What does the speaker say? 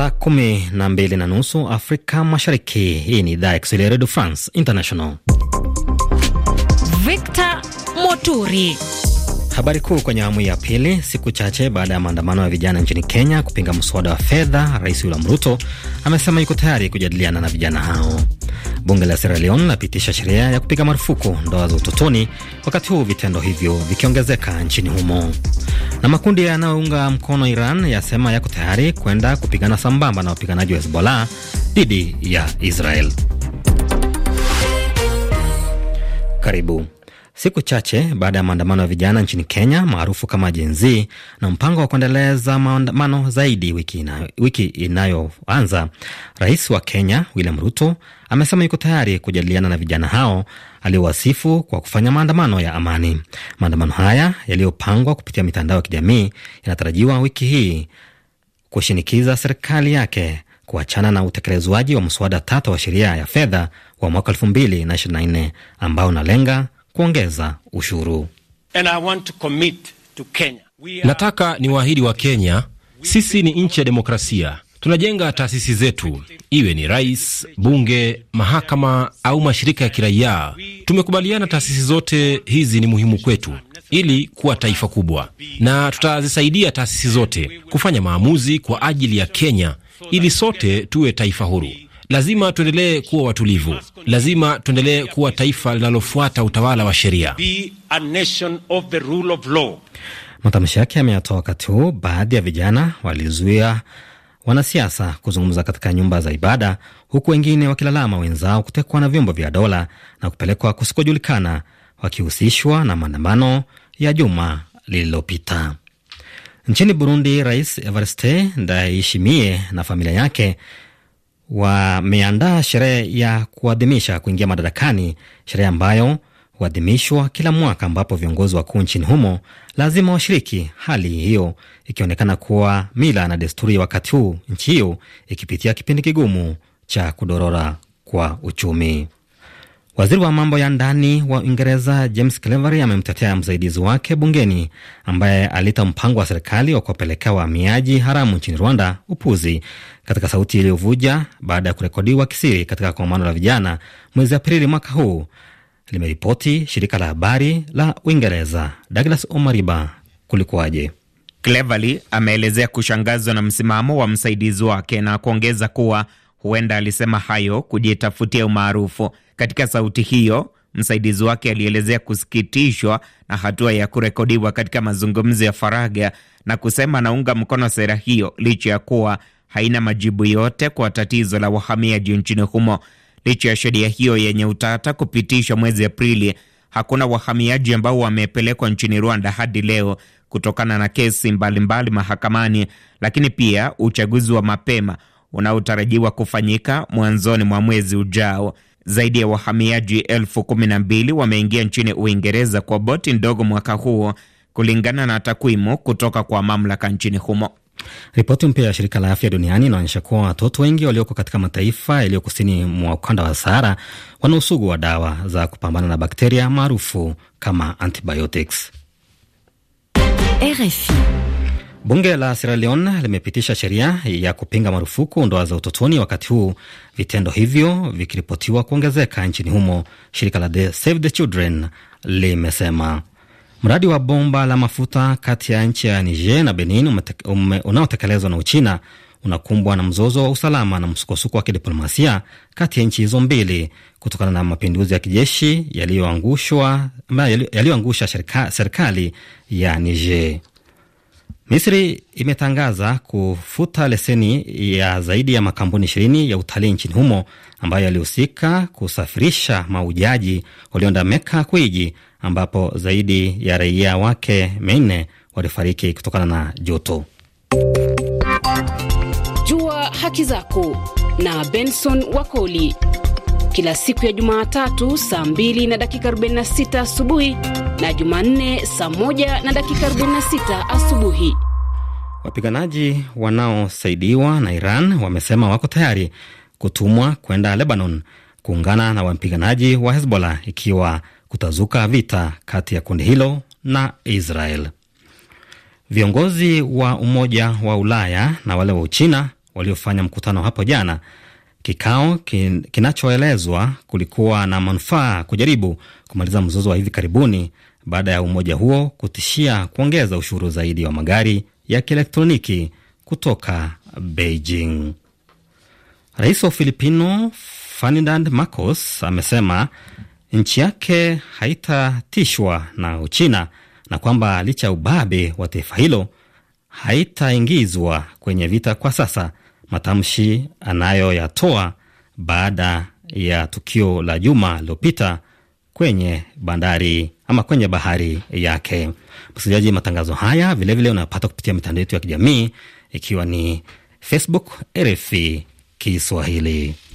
saa kumi na mbili na nusu Afrika Mashariki. Hii ni idhaa ya Kiswahili ya Redio France International. Victor Moturi. Habari kuu kwenye awamu ya pili. Siku chache baada ya maandamano ya vijana nchini Kenya kupinga mswada wa fedha, Rais William Ruto amesema yuko tayari kujadiliana na vijana hao. Bunge la Sierra Leone lapitisha sheria ya kupiga marufuku ndoa za utotoni, wakati huu vitendo hivyo vikiongezeka nchini humo. Na makundi yanayounga mkono Iran yasema yako tayari kwenda kupigana sambamba na wapiganaji wa Hezbollah dhidi ya Israel. Karibu Siku chache baada ya maandamano ya vijana nchini Kenya maarufu kama Gen Z na mpango wa kuendeleza maandamano zaidi wiki, ina, wiki inayoanza, rais wa Kenya William Ruto amesema yuko tayari kujadiliana na vijana hao aliowasifu kwa kufanya maandamano ya amani. Maandamano haya yaliyopangwa kupitia mitandao ya kijamii yanatarajiwa wiki hii kushinikiza serikali yake kuachana na utekelezwaji wa mswada tata wa sheria ya fedha wa mwaka 2024 ambao unalenga kuongeza ushuru. And I want to commit to Kenya. Nataka ni waahidi wa Kenya, sisi ni nchi ya demokrasia tunajenga taasisi zetu, iwe ni rais, bunge, mahakama au mashirika ya kiraia. Tumekubaliana taasisi zote hizi ni muhimu kwetu ili kuwa taifa kubwa, na tutazisaidia taasisi zote kufanya maamuzi kwa ajili ya Kenya ili sote tuwe taifa huru. Lazima tuendelee kuwa watulivu, lazima tuendelee kuwa taifa linalofuata utawala wa sheria. Matamshi yake ameyatoa wakati huu baadhi ya vijana walizuia wanasiasa kuzungumza katika nyumba za ibada, huku wengine wakilalama wenzao kutekwa na vyombo vya dola na kupelekwa kusikojulikana, wakihusishwa na maandamano ya juma lililopita. Nchini Burundi, Rais Evariste Ndayishimiye na familia yake wameandaa sherehe ya kuadhimisha kuingia madarakani, sherehe ambayo huadhimishwa kila mwaka ambapo viongozi wakuu nchini humo lazima washiriki, hali hiyo ikionekana kuwa mila na desturi, wakati huu nchi hiyo ikipitia kipindi kigumu cha kudorora kwa uchumi. Waziri wa mambo ya ndani wa Uingereza James Cleverly amemtetea msaidizi wake bungeni ambaye aliita mpango wa serikali wa kuwapelekea wahamiaji haramu nchini Rwanda upuzi katika sauti iliyovuja baada ya kurekodiwa kisiri katika kongamano la vijana mwezi Aprili mwaka huu, limeripoti shirika la habari la Uingereza. Douglas Omariba, kulikuwaje? Cleverly ameelezea kushangazwa na msimamo wa msaidizi wake na kuongeza kuwa huenda alisema hayo kujitafutia umaarufu. Katika sauti hiyo, msaidizi wake alielezea kusikitishwa na hatua ya kurekodiwa katika mazungumzo ya faragha na kusema anaunga mkono sera hiyo licha ya kuwa haina majibu yote kwa tatizo la wahamiaji nchini humo. Licha ya sheria hiyo yenye utata kupitishwa mwezi Aprili, hakuna wahamiaji ambao wamepelekwa nchini Rwanda hadi leo kutokana na kesi mbalimbali mbali mahakamani, lakini pia uchaguzi wa mapema unaotarajiwa kufanyika mwanzoni mwa mwezi ujao. Zaidi ya wahamiaji elfu kumi na mbili wameingia nchini Uingereza kwa boti ndogo mwaka huo kulingana na takwimu kutoka kwa mamlaka nchini humo. Ripoti mpya ya shirika la afya duniani inaonyesha kuwa watoto wengi walioko katika mataifa yaliyo kusini mwa ukanda wa Sahara wana usugu wa dawa za kupambana na bakteria maarufu kama antibiotics. RFI. Bunge la Sierra Leone limepitisha sheria ya kupinga marufuku ndoa za utotoni, wakati huu vitendo hivyo vikiripotiwa kuongezeka nchini humo, shirika la the Save the Children limesema. Mradi wa bomba la mafuta kati ya nchi ya Niger na Benin unaotekelezwa na Uchina unakumbwa na mzozo wa usalama na msukosuko wa kidiplomasia kati ya nchi hizo mbili kutokana na mapinduzi ya kijeshi yaliyoangusha serikali ya Niger. Misri imetangaza kufuta leseni ya zaidi ya makampuni ishirini ya utalii nchini humo ambayo yalihusika kusafirisha maujaji walioenda Meka kuiji, ambapo zaidi ya raia wake minne walifariki kutokana na joto. Jua haki zako na Benson Wakoli, kila siku ya Jumatatu saa 2 na dakika 46 asubuhi na Jumanne saa moja na dakika 46 asubuhi. Wapiganaji wanaosaidiwa na Iran wamesema wako tayari kutumwa kwenda Lebanon kuungana na wapiganaji wa Hezbollah ikiwa kutazuka vita kati ya kundi hilo na Israel. Viongozi wa Umoja wa Ulaya na wale wa Uchina waliofanya mkutano hapo jana, kikao kin, kinachoelezwa kulikuwa na manufaa kujaribu kumaliza mzozo wa hivi karibuni baada ya umoja huo kutishia kuongeza ushuru zaidi wa magari ya kielektroniki kutoka Beijing. Rais wa Filipino Ferdinand Marcos amesema nchi yake haitatishwa na Uchina na kwamba licha ya ubabe wa taifa hilo haitaingizwa kwenye vita kwa sasa, matamshi anayoyatoa baada ya tukio la juma lililopita kwenye bandari ama kwenye bahari yake. Msikilizaji, matangazo haya vilevile unapata kupitia mitandao yetu ya kijamii ikiwa ni Facebook RFI Kiswahili.